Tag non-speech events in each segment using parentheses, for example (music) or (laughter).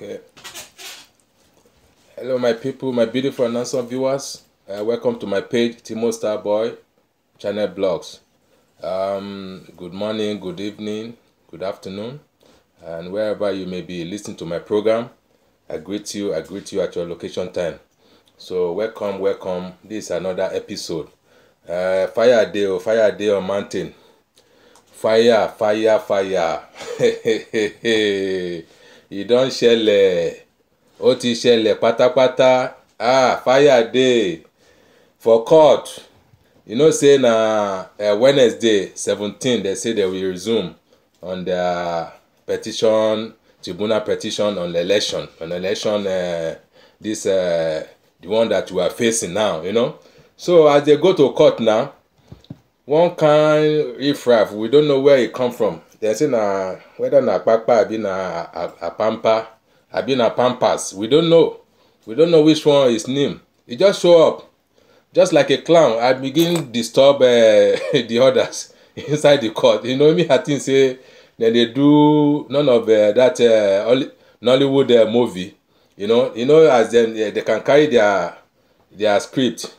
Okay. Hello, my people, my beautiful and handsome viewers. Uh, welcome to my page, Timo Starboy Channel Blogs. Um, good morning, good evening, good afternoon, and wherever you may be listening to my program, I greet you. I greet you at your location time. So welcome, welcome. This is another episode. Uh, fire day, oh, fire day on mountain. Fire, fire, fire. (laughs) ìdán ṣẹlẹ̀ ó ti ṣẹlẹ̀ pátápátá ah fire dey for court you know say na uh, wednesday seventeen they say they will resume on their petition tribunal petition on the election on the election uh, this uh, the one that we are facing now you know so as they go to court now one kind riffraff we don't know where e come from they're saying na whether na akpakpa abi na apampa abi na pampas we don't know we don't know which one is name he just show up just like a clown i begin disturb uh, (laughs) the others (laughs) inside the court you know me i think say dem dey do none of uh, that uh, nollywood uh, movie you know you know as dem uh, they can carry their their script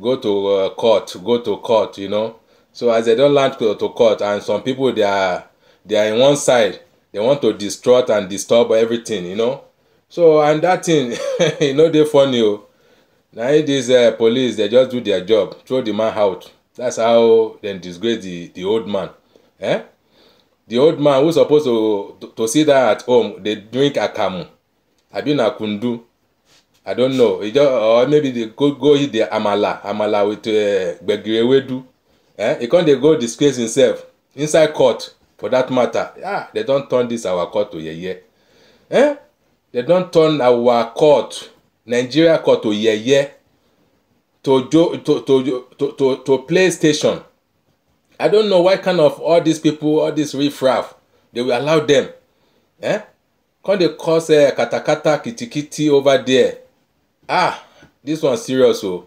go to uh, court go to court you know so as they don land to, to court and some people are. they are in one side they want to distort and disturb everything you know so and that thing (laughs) e no dey funny o na if this uh, police dey just do their job throw the man out that's how dem disgrace the the old man eh the old man who suppose to to, to sit down at home dey drink akamu abi na kundu i don't know e just or maybe dey go go eat the amala amala with uh, eh e come dey go disgrace himself inside court for that matter ah they don turn this our court to yeye eh they don turn our court nigeria court to yeye to jo to to to to to play station i don't know why kind of all these people all this riffraff they will allow them eh come dey cause uh, katakata kitikiti over there ah this one serious o. Oh.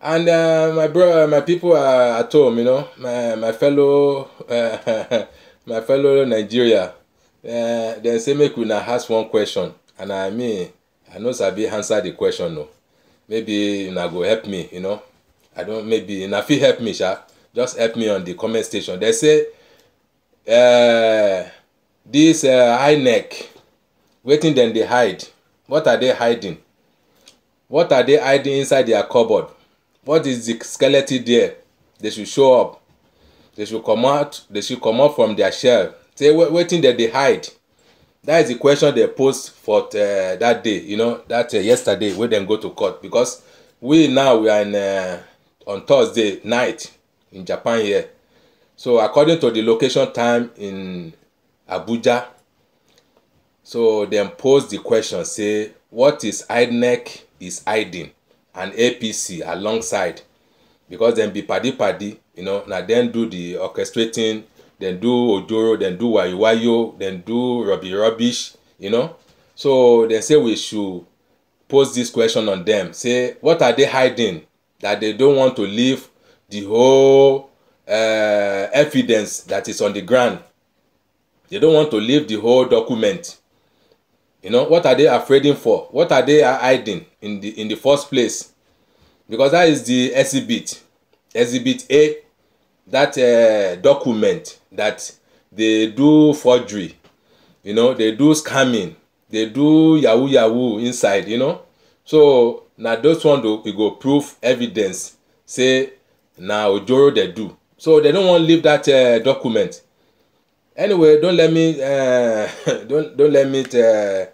and uh, my bro my people uh, at home you know my, my fellow uh, (laughs) my fellow nigeria uh, eh, dem say make una ask one question and i mean i no sabi answer the question no. maybe una go help me you know i don maybe una fit help me sha just help me on the comment station dem say uh, this uh, eh, neck, wetin dem dey hide what are they hiding what are they hiding inside their cupboard what is the skeleton there they should show up they should come out they should come out from their shell say wetin dem dey hide that is the question dem pose for uh, that day you know that uh, yesterday wey dem go to court because we now we are in, uh, on thursday night in japan here so according to the location time in abuja so dem pose the question say what is inec is hiding and apc alongside because dem be padi padi you know na dem do the orchestrating dem do ojoro dem do wayo-wayo dem do rubbish rubbish you know so dem say we should pose this question on dem say what are they hiding that they don't want to leave the whole uh, evidence that is on the ground they don't want to leave the whole document you know what are they afraid for what are they hiding in the in the first place because that is the exhibit exhibit a that uh, document that they do forgery you know they do scamming they do yahoo yahoo inside you know so na those one do we go prove evidence say na ojoro dey do so they don wan leave that uh, document anyway don let me uh, don (laughs) don let me uh,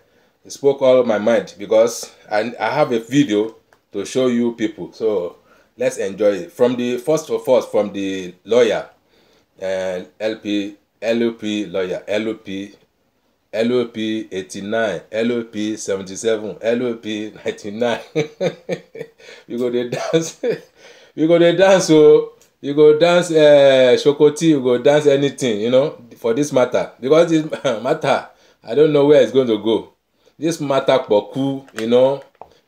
spoke all my mind because i i have a video to show you people so let's enjoy it from the first of all from the lawyer uh, lp lop lawyer lop lop eighty-nine lop seventy-seven lop ninety-nine (laughs) you go dey dance (laughs) you go dey dance o oh. you go dance uh, shokoti you go dance anything you know for this matter because this (laughs) matter i don't know where it's going to go this matter kpoku you know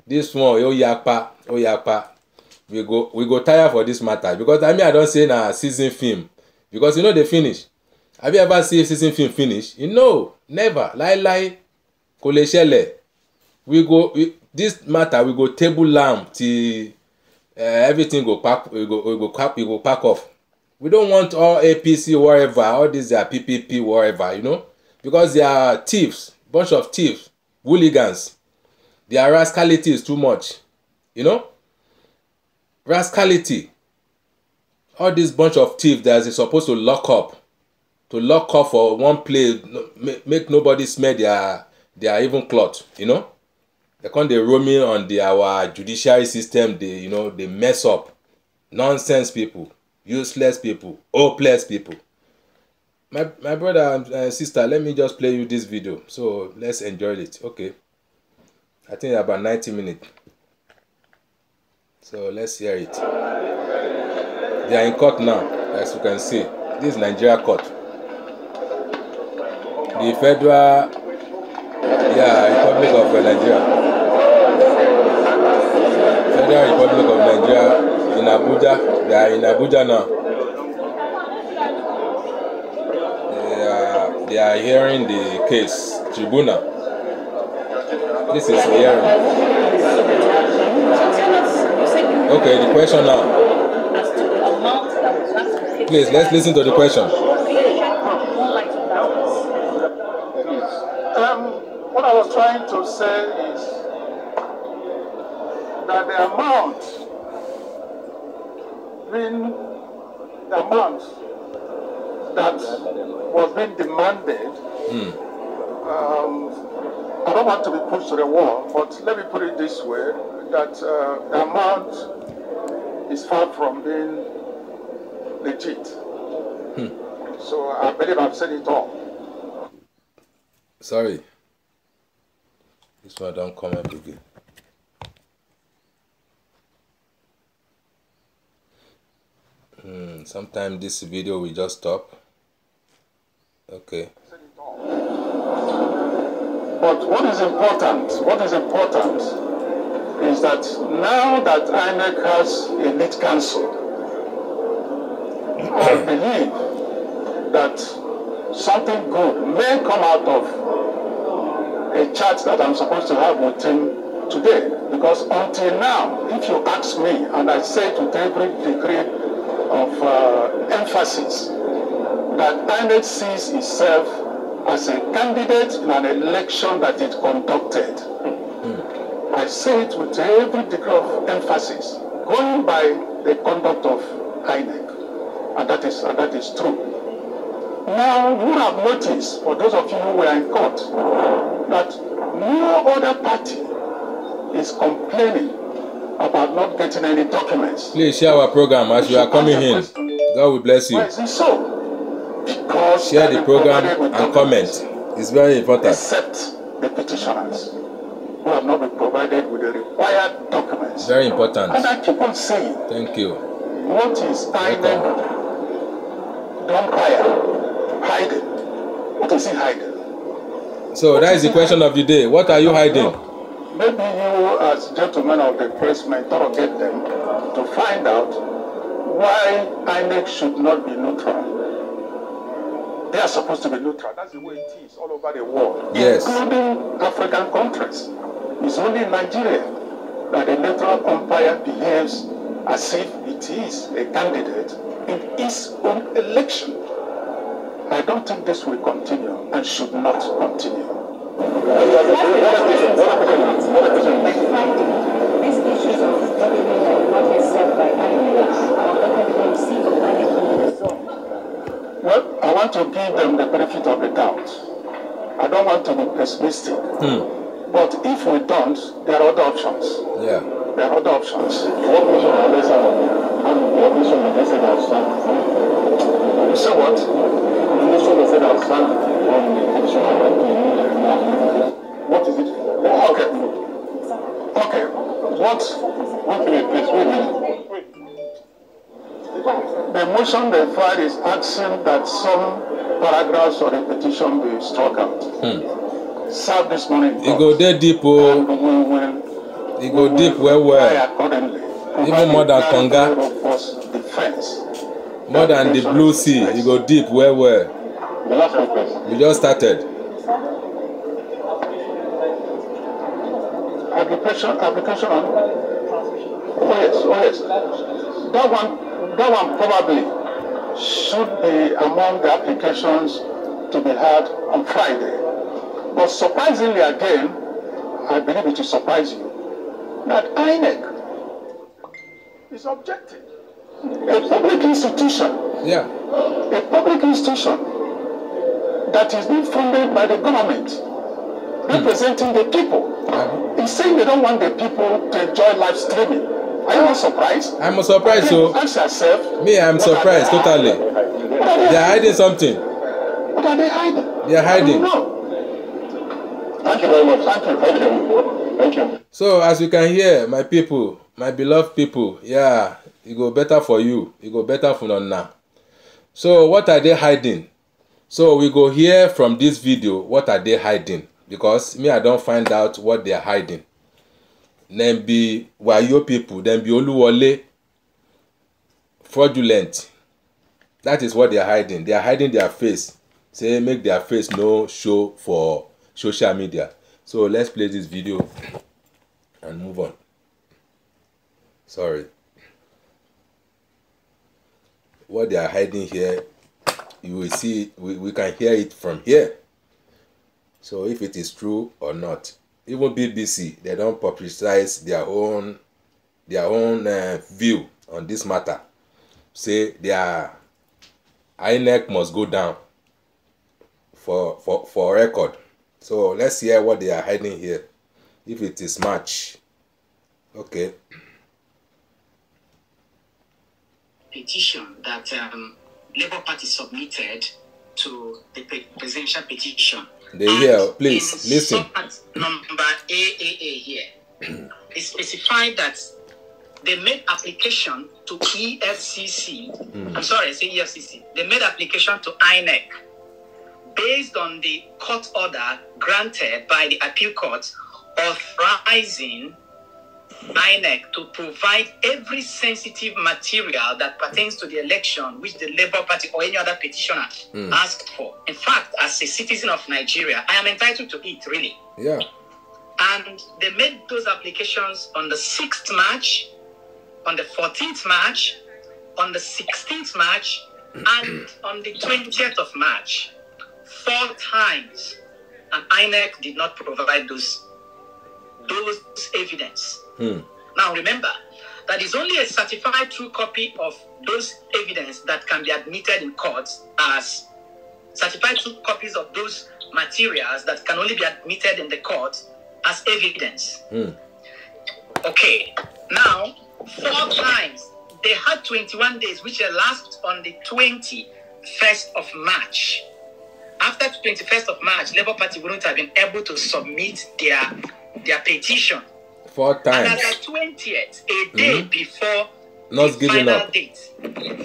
this one oh yapa oh yapa we go we go tire for this matter because i mean i don say na season film because you know dey finish have you ever see season film finish you know, never Lie, kò lè ṣẹlẹ̀ we go we, this matter we go table am till uh, everything go pack we go we go pack we go pack off we don want all apc whatever all this their ppp whatever you know because they are thieves bunch of thieves hooligans their rascality is too much you know rascality all this bunch of thieves that is supposed to lock up to lock up for one place make nobody smell their their even cloth you know they come dey roaming on the our judiciary system dey you know dey mess up nonsense people useless people hopeless people my my brother and uh, sister let me just play you this video so let's enjoy it okay i think about ninety minutes. So let's hear it. They are in court now, as you can see. This is Nigeria court. The federal, yeah, Republic of Nigeria. Federal Republic of Nigeria in Abuja. They are in Abuja now. They are, they are hearing the case, tribunal. This is hearing. Okay, the question now. Please, let's listen to the question. Um, what I was trying to say is that the amount being the amount that was being demanded, mm. um, I don't want to be pushed to the wall, but let me put it this way that uh, the amount is far from being legit. Hmm. So I believe I've said it all. Sorry. This one don't come up again. Hmm, sometimes this video will just stop. Okay. But what is important? What is important is that now that INEC has elite council, I believe that something good may come out of a chat that I'm supposed to have with him today. Because until now, if you ask me, and I say to every degree of uh, emphasis, that INEC sees itself as a candidate in an election that it conducted. I say it with every degree of emphasis, going by the conduct of INEC. And that is, and that is true. Now, you have noticed, for those of you who were in court, that no other party is complaining about not getting any documents. Please share our program as you are coming in. God will bless you. So, because share the program and comment. It's very important. Accept the petitioners who have not been provided with the required documents. Very important. And I keep on saying, Thank you. What is hiding? Don't Hide it. What is he hiding? So what that is, is the question hiding? of the day. What are you hiding? Maybe you, as gentlemen of the press, may interrogate them to find out why INEC should not be neutral. They are supposed to be neutral. That's the way it is all over the world, yes. including African countries. It's only in Nigeria that the electoral umpire behaves as if it is a candidate in its own election. I don't think this will continue and should not continue. These issues of Well, I want to give them the benefit of the doubt. I don't want to be pessimistic. Mm. But if we don't, there are other options. Yeah. There are other options. What mission are they serving? And what mission are they said outstanding? You what? The mission they said outstanding on the commission What is it for? Okay. Okay. What? Wait a please. Wait a The motion they filed is asking that some paragraphs or repetition be struck out. Hmm. served this morning. It go there deep, oh. It go we deep well, well. Even more than Tonga. More than the Blue Sea. It go deep well, well. We just started. Application, application Oh yes, oh yes. That one, that one probably should be among the applications to be had on Friday. But surprisingly again, I believe it will surprise you that INEC is objective. A public institution. Yeah. A public institution that is being funded by the government, representing the people. Uh-huh. saying they don't want the people to enjoy live streaming. Are you not surprised? I'm surprised. So ask yourself. Me, I'm surprised totally. They're hiding something. What are they hiding? They're hiding. I don't know. Thank you very much. Thank you. Thank you. Thank you. So, as you can hear, my people, my beloved people, yeah, it e go better for you. It e go better for now. So, what are they hiding? So, we go hear from this video, what are they hiding? Because me, I don't find out what they are hiding. Then be Wayo people, then be Oluwole, fraudulent. That is what they are hiding. They are hiding their face. Say, make their face no show for social media so let's play this video and move on sorry what they are hiding here you will see we, we can hear it from here so if it is true or not even bbc they don't publicize their own their own uh, view on this matter say their inec must go down for for for record So let's hear what they are hiding here. If it is much, Okay. Petition that um, Labour Party submitted to the presidential petition. They hear, please, listen. Number AAA here. it specified that they made application to EFCC. Mm. I'm sorry, I say EFCC. They made application to INEC based on the court order granted by the appeal court authorizing INEC to provide every sensitive material that pertains to the election which the Labour Party or any other petitioner mm. asked for. In fact, as a citizen of Nigeria, I am entitled to it, really. Yeah. And they made those applications on the 6th March, on the 14th March, on the 16th March, and (clears throat) on the 20th of March four times, and INEC did not provide those those evidence. Hmm. Now remember that is only a certified true copy of those evidence that can be admitted in court as certified true copies of those materials that can only be admitted in the court as evidence. Hmm. Okay, now four times they had 21 days, which elapsed on the 21st of March. After 21st of March, Labour Party wouldn't have been able to submit their their petition. Four times. And at the 20th, a day mm-hmm. before Not the final up. date,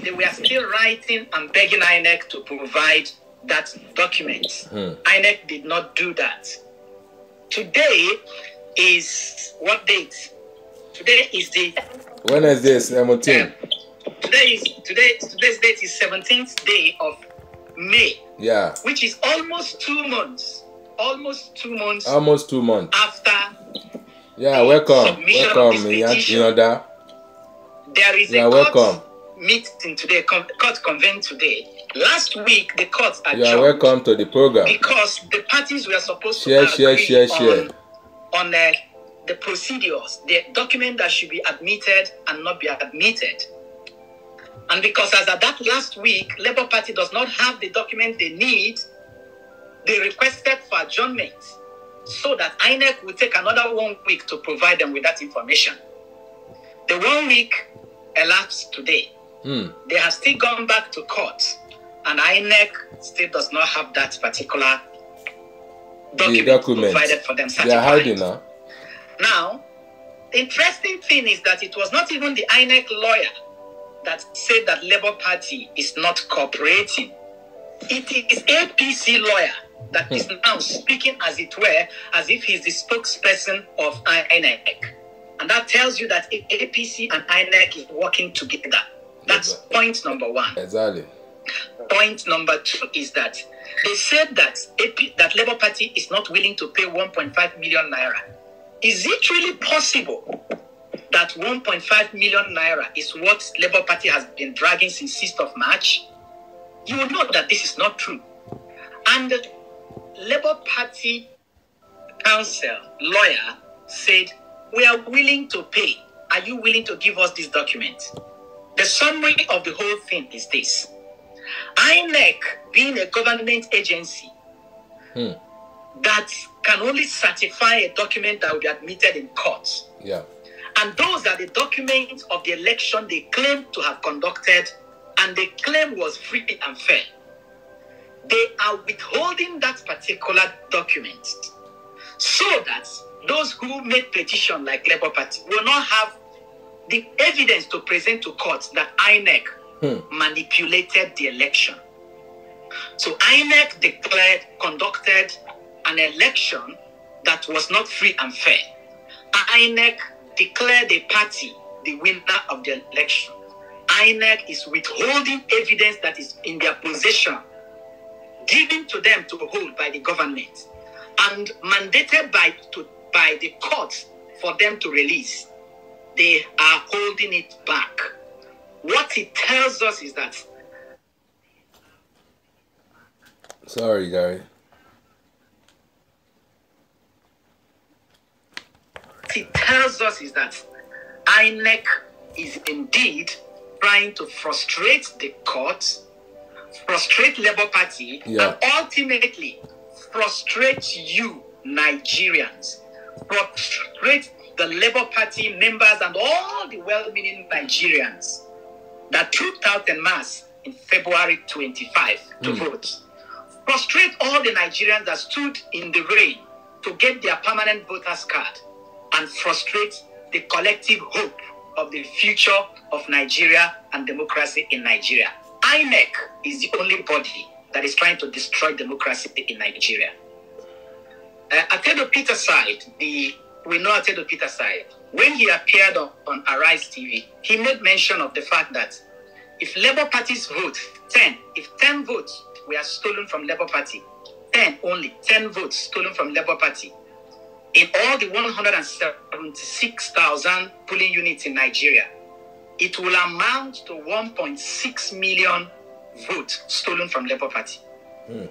they were still writing and begging INEC to provide that document. Hmm. INEC did not do that. Today is what date? Today is the. When is this? 17. today is today. Today's date is 17th day of May. Yeah. Which is almost two months. Almost two months. Almost two months. After. Yeah, welcome. Welcome, Yinoda. There is yeah, a court welcome. meeting today, court convened today. Last week, the court adjourned. You are welcome to the program. Because the parties were supposed share, to share, agree share, share. on, on uh, the procedures, the document that should be admitted and not be admitted. And because as at that last week, Labour Party does not have the document they need, they requested for adjournment so that INEC will take another one week to provide them with that information. The one week elapsed today. Mm. They have still gone back to court, and INEC still does not have that particular document, document. provided for them. They are hiding now. Now, interesting thing is that it was not even the INEC lawyer that said that Labour Party is not cooperating. It is APC lawyer that is hmm. now speaking as it were as if he's the spokesperson of INEC. And that tells you that APC and INEC is working together. That's exactly. point number one. Exactly. Point number two is that they said that AP, that Labour Party is not willing to pay 1.5 million naira. Is it really possible that 1.5 million naira is what Labour Party has been dragging since 6th of March, you will know that this is not true. And the Labour Party counsel lawyer said, We are willing to pay. Are you willing to give us this document? The summary of the whole thing is this INEC, being a government agency, hmm. that can only certify a document that will be admitted in court. Yeah and those are the documents of the election they claim to have conducted and the claim was free and fair. They are withholding that particular document so that those who made petition like Labour Party will not have the evidence to present to court that INEC hmm. manipulated the election. So INEC declared, conducted an election that was not free and fair. INEC declare the party the winner of the election. INEC is withholding evidence that is in their possession, given to them to hold by the government, and mandated by, to, by the courts for them to release. They are holding it back. What it tells us is that. Sorry, Gary. it tells us is that INEC is indeed trying to frustrate the court, frustrate Labour Party, yeah. and ultimately frustrate you, Nigerians, frustrate the Labour Party members and all the well-meaning Nigerians that trooped out en masse in February 25 to mm. vote. Frustrate all the Nigerians that stood in the rain to get their permanent voters card and frustrate the collective hope of the future of Nigeria and democracy in Nigeria. INEC is the only body that is trying to destroy democracy in Nigeria. Uh, Atedo Peter side, the we know Atedo Peter side, when he appeared on, on Arise TV, he made mention of the fact that if Labour Party's vote, 10, if 10 votes were stolen from Labour Party, 10 only, 10 votes stolen from Labour Party, in all the 176,000 polling units in Nigeria, it will amount to 1.6 million votes stolen from Labour Party. Mm.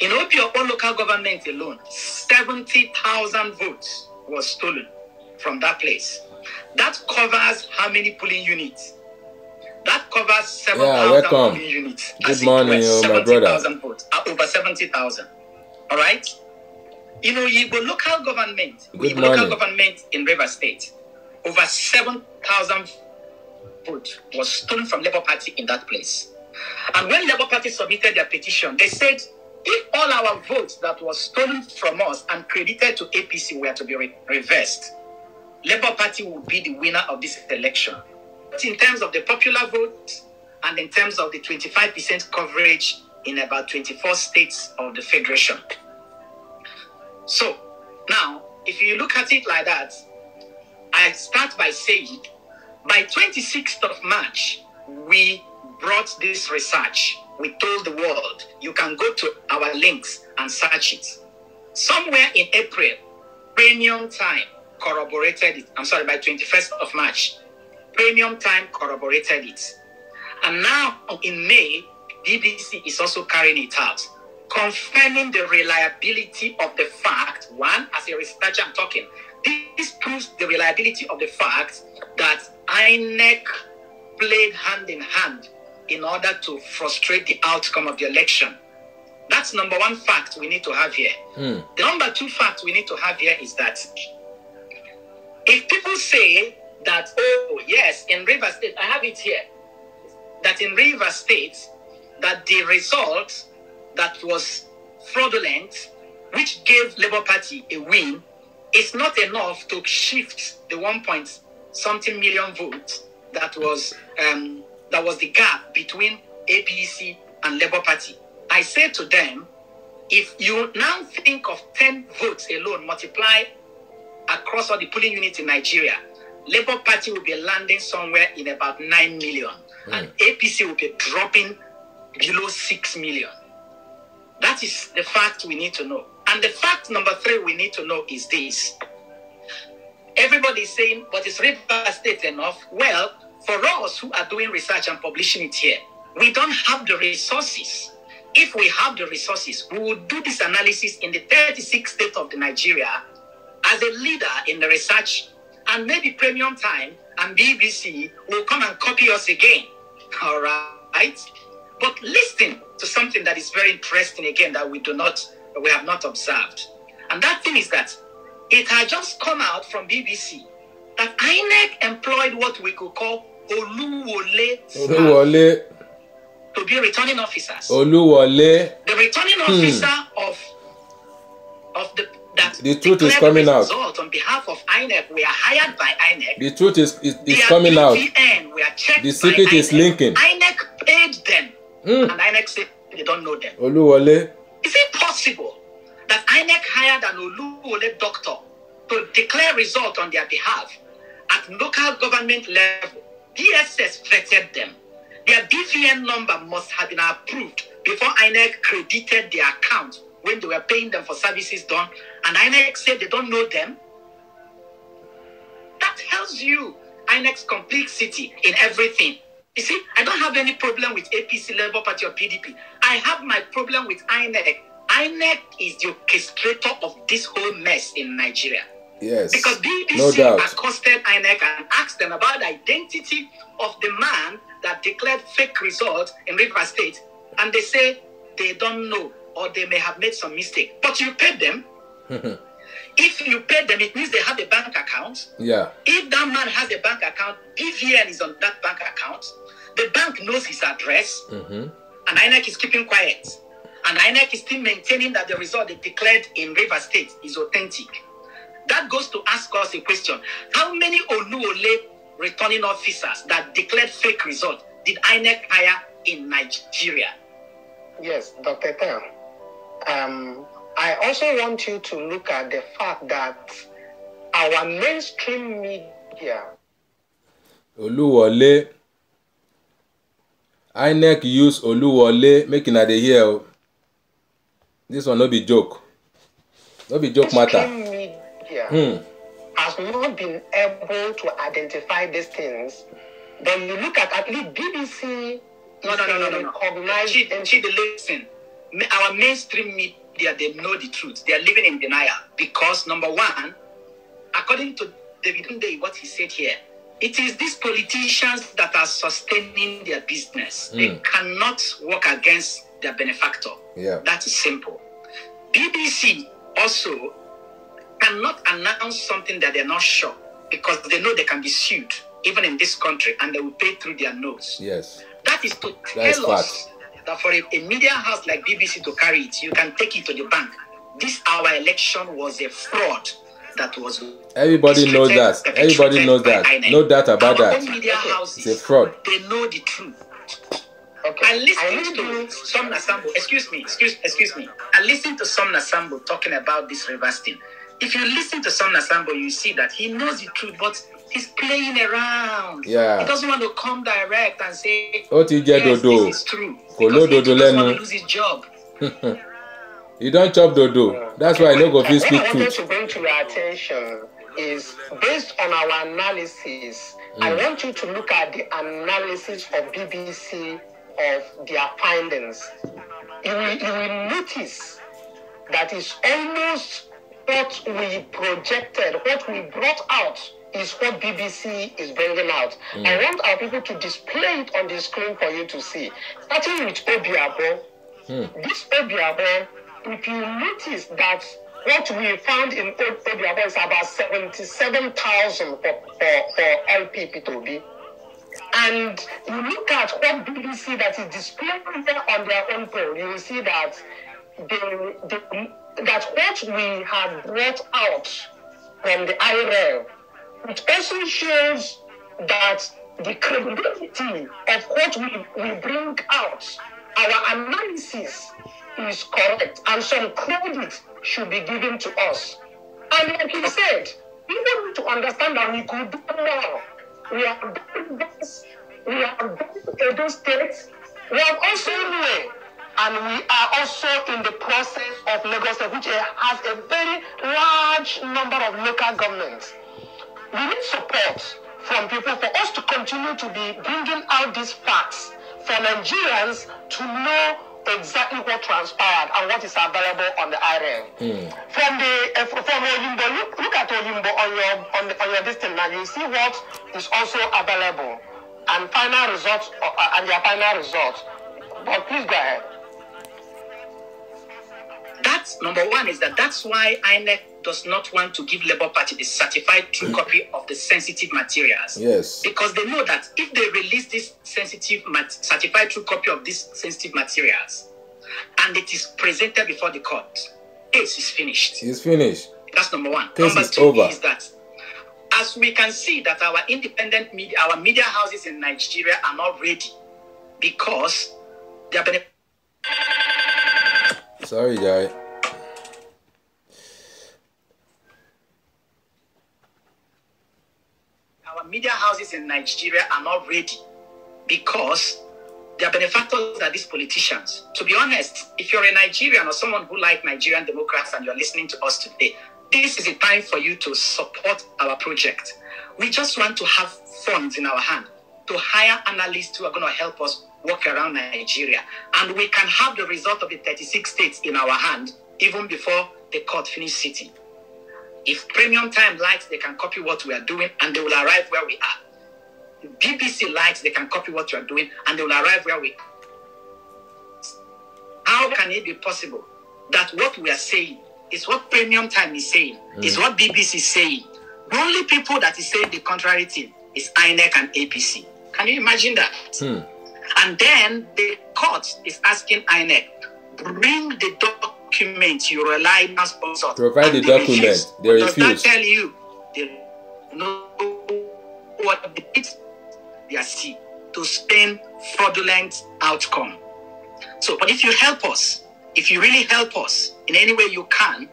In Opio, all local government alone, 70,000 votes were stolen from that place. That covers how many polling units? That covers 7,000 yeah, polling units. Good morning, oh, my brother. Votes, uh, over 70,000. All right? You know, you local government, Good local government in River State, over 7,000 votes was stolen from Labour Party in that place. And when Labour Party submitted their petition, they said, if all our votes that was stolen from us and credited to APC were to be re- reversed, Labour Party would be the winner of this election. But In terms of the popular vote and in terms of the 25% coverage in about 24 states of the Federation. So now, if you look at it like that, I start by saying by 26th of March, we brought this research. We told the world, you can go to our links and search it. Somewhere in April, premium time corroborated it. I'm sorry, by 21st of March, premium time corroborated it. And now in May, BBC is also carrying it out confirming the reliability of the fact. One, as a researcher, I'm talking. This proves the reliability of the fact that INEC played hand in hand in order to frustrate the outcome of the election. That's number one fact we need to have here. Mm. The number two fact we need to have here is that if people say that, oh, yes, in River State, I have it here, that in River State, that the results that was fraudulent, which gave Labour Party a win, is not enough to shift the one point something million votes that was um, that was the gap between APC and Labour Party. I said to them, if you now think of 10 votes alone multiplied across all the polling units in Nigeria, Labour Party will be landing somewhere in about 9 million, mm. and APC will be dropping below 6 million. That is the fact we need to know. And the fact number three we need to know is this. Everybody is saying, but is River State enough? Well, for us who are doing research and publishing it here, we don't have the resources. If we have the resources, we would do this analysis in the 36 states of the Nigeria as a leader in the research, and maybe Premium Time and BBC will come and copy us again. (laughs) All right? But listen to something that is very interesting again that we do not, we have not observed. And that thing is that it had just come out from BBC that INEC employed what we could call Oluwole Oluwole to be returning officers. Oluwole. The returning hmm. officer of of the that the truth is coming out. On behalf of INEC, we are hired by INEC. The truth is is, is coming out. The secret is linking. Hmm. And INEC said they don't know them. Oluwole. Is it possible that INEC hired an Oluwole doctor to declare result on their behalf at local government level? DSS threatened them. Their BVN number must have been approved before INEC credited their account when they were paying them for services done. And INEC said they don't know them. That tells you INEC's complexity in everything. You see, I don't have any problem with APC, Labour Party, or PDP. I have my problem with INEC. INEC is the orchestrator of this whole mess in Nigeria. Yes. Because BBC no doubt. accosted INEC and asked them about the identity of the man that declared fake results in River State. And they say they don't know or they may have made some mistake. But you paid them. (laughs) If you pay them, it means they have a bank account. Yeah. If that man has a bank account, PVN is on that bank account. The bank knows his address, mm-hmm. and INEC is keeping quiet. And INEC is still maintaining that the result they declared in River State is authentic. That goes to ask us a question: How many Onuole returning officers that declared fake result did INEC hire in Nigeria? Yes, Dr. Tan. Um, I also want you to look at the fact that our mainstream media. Oluwole INEC use Oluwole make una dey hear o. Oh. This one no be joke. No be joke matter. Mainstream Media hmm. has not been able to identify these things. Then you look at at least BBC. No, no, no, no, no. no. Chidi, Chidi, listen. Our mainstream media they know the truth. They are living in denial because, number one, according to David Day, what he said here, it is these politicians that are sustaining their business. Mm. They cannot work against their benefactor. Yeah. That is simple. BBC also cannot announce something that they're not sure because they know they can be sued, even in this country, and they will pay through their nose. Yes. That is to tell us that for a, a media house like BBC to carry it, you can take it to the bank. This our election was a fraud that was everybody knows that everybody knows that no doubt about our that media okay. houses, it's a fraud they know the truth okay. I listen to some nasambo excuse me excuse excuse me I listen to some nasambo talking about this reverse thing if you listen to some nasambo you see that he knows the truth but He's playing around. Yeah. He doesn't want to come direct and say, "Ó ti jẹ dodo." Yes, this is true. Because he doesn't want to lose his job. (laughs) he not chop dodo. That's why I no go fit speak truth. What I wanted to bring to your attention is based on our analysis. Mm. I want you to look at the analysis of BBC of their findings. You will, you will notice that is almost what we projected, what we brought out is what BBC is bringing out. Mm. I want our people to display it on the screen for you to see. Starting with Obiabo. Mm. This Obiabo, if you notice that what we found in Obiabo is about 77,000 for, for, for LPP to be. And you look at what BBC that is displaying on their own poll, you will see that they, they, that what we have brought out from the IRL it also shows that the credibility of what we, we bring out, our analysis is correct, and some credit should be given to us. And like he said, even need to understand that we could do more. We are doing this, we are doing those states. We are also anyway, and we are also in the process of Lagos, which has a very large number of local governments we need support from people for us to continue to be bringing out these facts for Nigerians to know exactly what transpired and what is available on the IRL. Mm. From the uh, from Oyimbo, look, look at Oyimbo on your on, the, on your distance now. You see what is also available and final results uh, and your final results. But please go ahead. That's number one is that that's why INEC does not want to give Labour Party the certified true (clears throat) copy of the sensitive materials. Yes. Because they know that if they release this sensitive mat- certified true copy of these sensitive materials and it is presented before the court, case is finished. It's finished. That's number one. Case number is two over. is that as we can see that our independent media our media houses in Nigeria are not ready because they are Sorry, guy. in Nigeria are not ready because their benefactors are these politicians. To be honest, if you're a Nigerian or someone who like Nigerian Democrats and you're listening to us today, this is a time for you to support our project. We just want to have funds in our hand to hire analysts who are going to help us walk around Nigeria. And we can have the result of the 36 states in our hand even before the court finish sitting. If premium time likes, they can copy what we are doing and they will arrive where we are. BBC likes, they can copy what you are doing and they will arrive where we How can it be possible that what we are saying is what Premium Time is saying, mm. is what BBC is saying? The only people that is saying the contrary thing is INEC and APC. Can you imagine that? Mm. And then the court is asking INEC, bring the document you rely on sponsor. Provide the document. Refuse. They refuse. Does that tell you they know what their seed to spend fraudulent outcome. So, but if you help us, if you really help us in any way you can,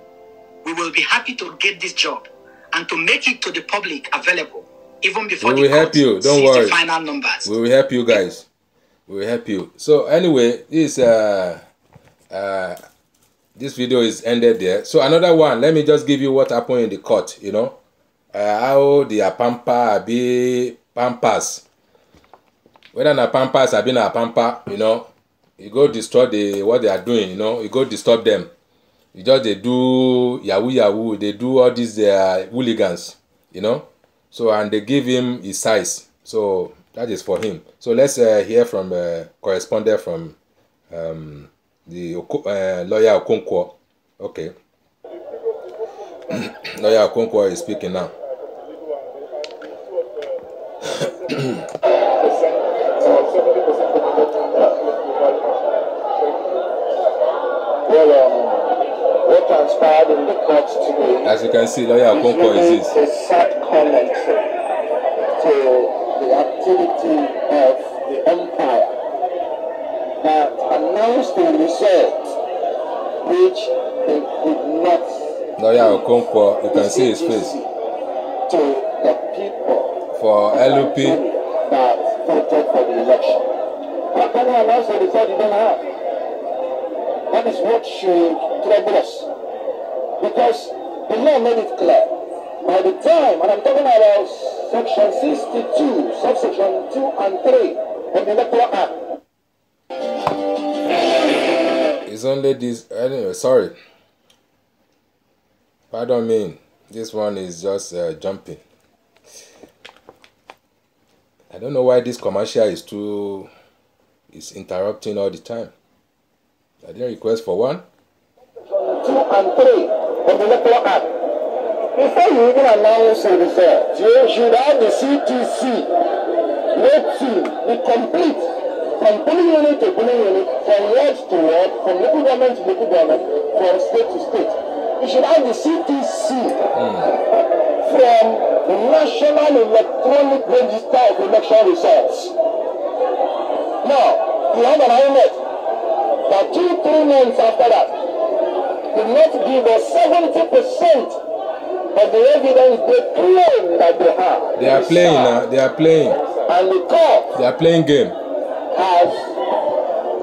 we will be happy to get this job and to make it to the public available even before we will help you. Don't worry. final numbers. We will help you guys. We will help you. So anyway, this uh uh this video is ended there. So another one. Let me just give you what happened in the court. You know, uh, how the pampa be pampas. whether na pampers abi na pampa. you know you e go disturb the what they are doing you know you e go disturb them you e just dey do yahoo yahoo dey do all these their uh, hooligans you know so and they give him his size so that is for him so let's uh, hear from a uh, correspondent from um, the uh, lawyer okonkwo okay (clears throat) lawyer okonkwo is speaking now. (clears throat) Um, As you can see, lawyer Akonko is this. A sad comment to the activity of the empire that announced the result, which they could not. Lawyer Okonkwo, you can see his face. To the people. For LUP for the election. But when you announce the result you don't have, that is what should trouble us. Because the law made it clear. By the time, and I'm talking about section 62, subsection 2 and 3 of the Electoral Act, it's only this anyway sorry pardon me this one is just uh, jumping I don't know why this commercial is too is interrupting all the time. I didn't request for one. Two and three of the Electoral Act. Before you even announce the result, you should have the CTC rating be complete from polling unit to polling unit, from ward to ward, from local government to local government, from state to state we should have the CTC hmm. from the National Electronic Register of Election Results. Now, you have an INEC that two, three months after that did not give us 70% of the evidence they claim that they have. They are playing now. Uh, they are playing. And the court. They are playing game. Has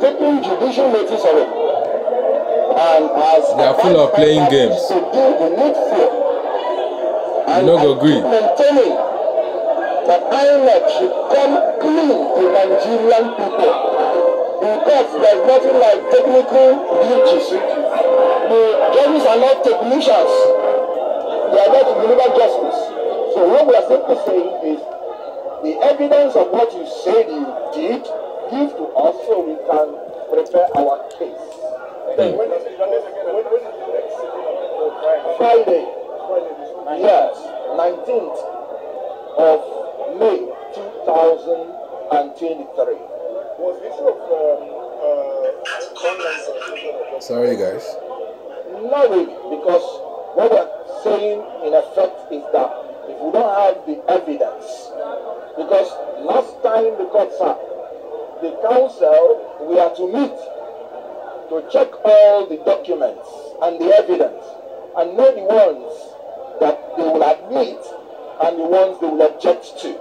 taken judicial notice of it they are full of playing games. You no go agree. That INEC should come clean to Nigerian people because there's nothing like technical glitches. The judges are not technicians. They are there to deliver justice. So what we are simply saying is the evidence of what you said you did, give to us so we can prepare our case. Friday. when is Friday. Yes, 19th of May 2023. Was this uh, Sorry, guys. Not really, because what we're saying in effect is that if we don't have the evidence, because last time the court sat, the council we are to meet to check all the documents and the evidence and know the ones that they will admit and the ones they will object to.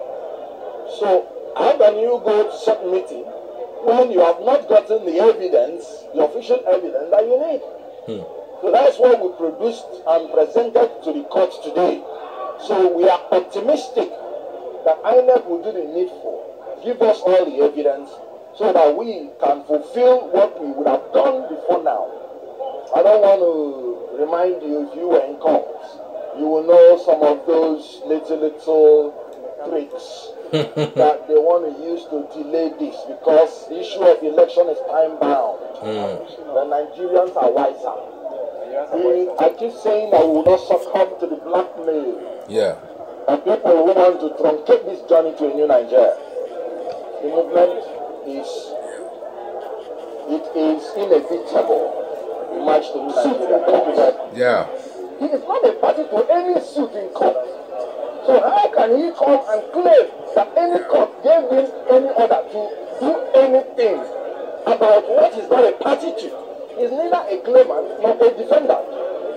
So how can you go to such meeting when you have not gotten the evidence, the official evidence that you need? Hmm. So that's what we produced and presented to the court today. So we are optimistic that INEC will do the needful, give us all the evidence, so that we can fulfill what we would have done before now. I don't want to remind you if you were in court. you will know some of those little, little tricks (laughs) that they want to use to delay this because the issue of election is time bound. Mm. The Nigerians are wiser. I keep saying that we will not succumb to the blackmail. Yeah. And people who want to truncate this journey to a new Nigeria. The movement is it is inevitable. In March to suit in court. Yeah. He is not a party to any suit in court. So how can he come and claim that any court gave him any order to do anything about what is not a party to? He's neither a claimant nor a defendant.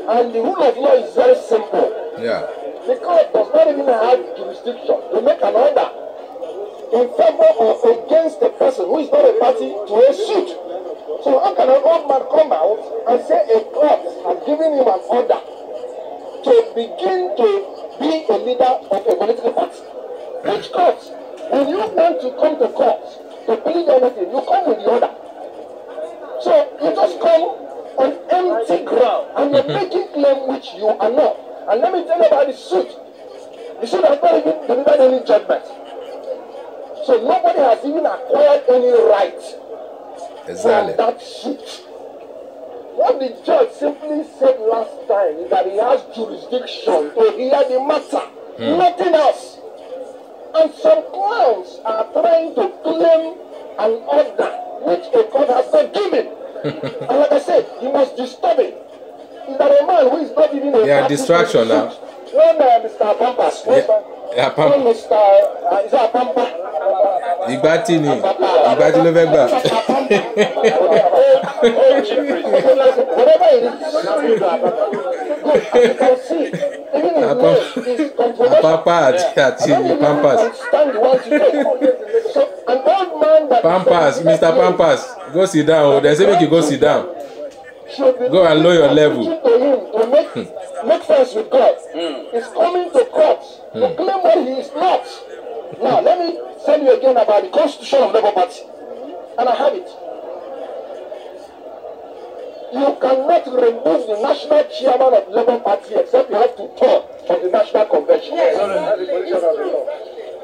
And the rule of law is very simple. Yeah. The court does not even have jurisdiction to make an order in favor or against the person who is not a party to a suit. So how can an old man come out and say a court has given him an order to begin to be a leader of a political party? Which court? When you want to come to court to plead anything, you come with the order. So you just come on empty ground and you're making claim which you are not. And let me tell you about the suit. The suit has not even delivered any judgment. So nobody has even acquired any right exactly. for that shit. What the judge simply said last time is that he has jurisdiction to hear the matter, hmm. nothing else. And some clowns are trying to claim an order which a court has not given. (laughs) and like I said, he must disturb it. Is that a man who is not even a yeah, distraction now? When uh, Mr. Pampas? yeah, yeah, when Mr. ìgbà tí ni ìgbà tí ló fẹ́ gbà. àpapà àti àti pampas pampas mr pampas go sit down o dem say make you go sit down go and know your level. make, make sense with God. Mm. He's coming to court mm. to claim hmm. what he is not. Now, let me tell you again about the constitution of Labour Party. And I have it. You cannot remove the national chairman of Labour Party except you have to talk from the national convention. Yes,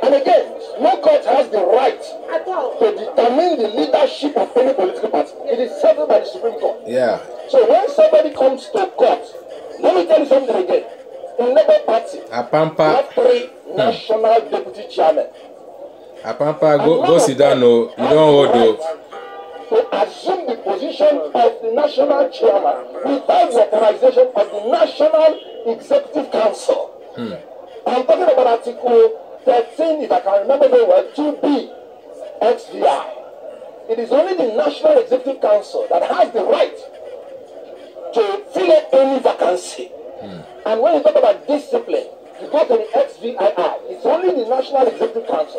and again, no court has the right to determine the leadership of any political party. It is settled by the Supreme Court. Yeah. So when somebody comes to court, let me tell you something again. Labour Party. Apampa. three hmm. national hmm. deputy chairmen. Apampa, go, go sit down, no. Oh. You don't hold right oh. to assume the position of the national chairman without the authorization of the National Executive Council. Hmm. I'm talking about Article 13, if I can remember very well, 2B, Xvi. It is only the National Executive Council that has the right to fill up any vacancy. Mm. And when you talk about discipline, you go to the XVII. It's only the National Executive Council.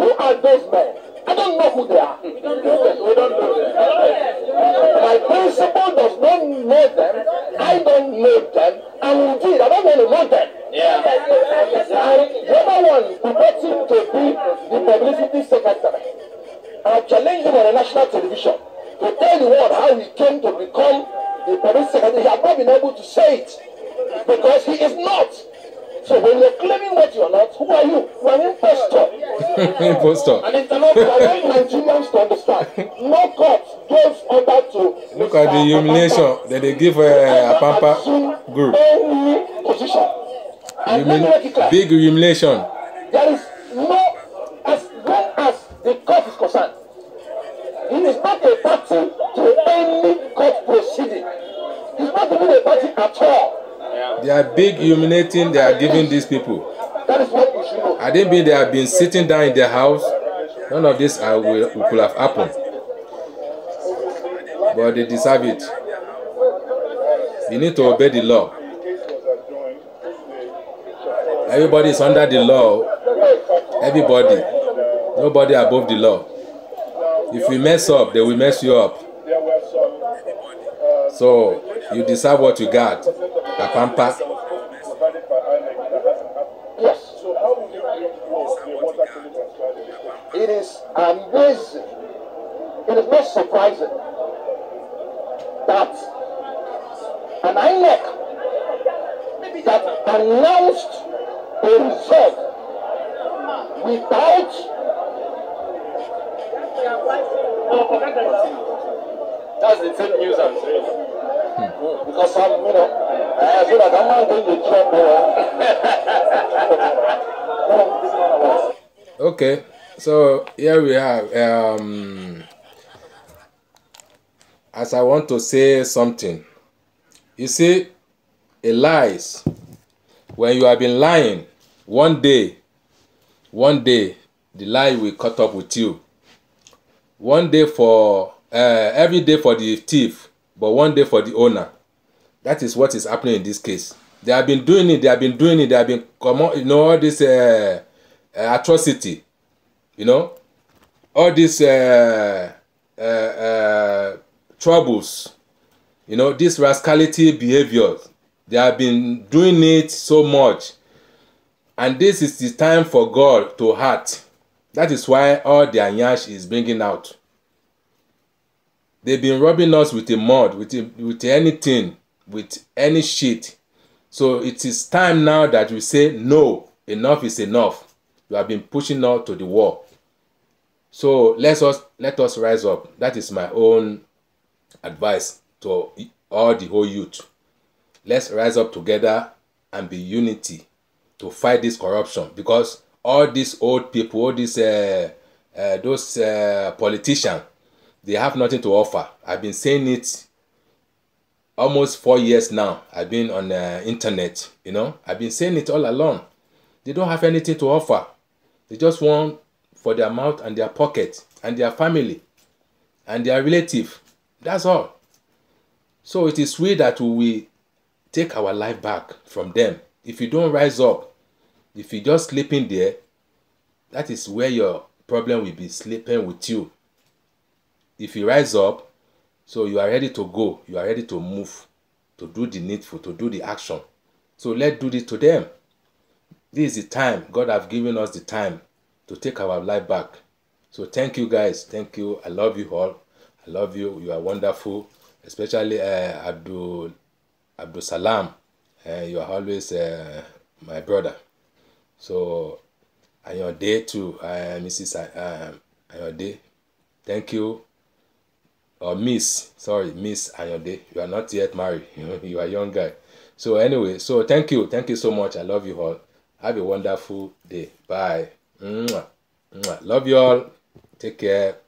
Who are those men? I don't know who they are. We don't know them. My principal does not know them. I don't know them. And indeed, I don't want to know them. Yeah. And the other one purporting to be the publicity secretary. I challenge him on the national television to tell the world how he came to become the publicity secretary. He has not been able to say it. because he is not. So when you're claiming what you're not, who are you? You're an impostor. (laughs) impostor. it's (laughs) a lot want Nigerians to understand. No court gave order to. Look at the humiliation that they give uh, a Pampa group. Position. And Humil- big humiliation. There is no, as long as the court is concerned, he is not a part They are big humiliating. they are giving these people. I didn't mean they have been sitting down in their house. None of this I uh, will, could have happened. But they deserve it. You need to obey the law. Everybody is under the law. Everybody. Nobody above the law. If you mess up, they will mess you up. So you deserve what you got. 爸爸。here we have um, as I want to say something. You see, a lies. When you have been lying, one day, one day, the lie will cut up with you. One day for, uh, every day for the thief, but one day for the owner. That is what is happening in this case. They have been doing it, they have been doing it, they have been, come you know, all this uh, uh atrocity, you know all these uh, uh, uh, troubles, you know, this rascality behavior, they have been doing it so much. And this is the time for God to act. That is why all their Anyash is bringing out. They've been rubbing us with the mud, with, a, with anything, with any shit. So it is time now that we say, no, enough is enough. You have been pushing us to the wall. So let us let us rise up. That is my own advice to all the whole youth. Let's rise up together and be unity to fight this corruption because all these old people, all these uh, uh, those uh, politicians, they have nothing to offer. I've been saying it almost four years now. I've been on the uh, internet, you know. I've been saying it all along. They don't have anything to offer. They just want for their mouth and their pocket and their family and their relative. That's all. So it is we that we take our life back from them. If you don't rise up, if you just sleeping there, that is where your problem will be sleeping with you. If you rise up, so you are ready to go, you are ready to move, to do the needful, to do the action. So let's do this to them. This is the time. God have given us the time to take our life back. So thank you guys. Thank you. I love you all. I love you. You are wonderful. Especially uh, Abdul, Abdul Salam. Uh, you are always uh, my brother. So, and your day too, uh, Mrs. Uh, and your day. Thank you. Or Miss, sorry, Miss and your day. You are not yet married. You (laughs) know, you are young guy. So anyway, so thank you. Thank you so much. I love you all. Have a wonderful day. Bye. Mwah. Mwah. Love y'all. Take care.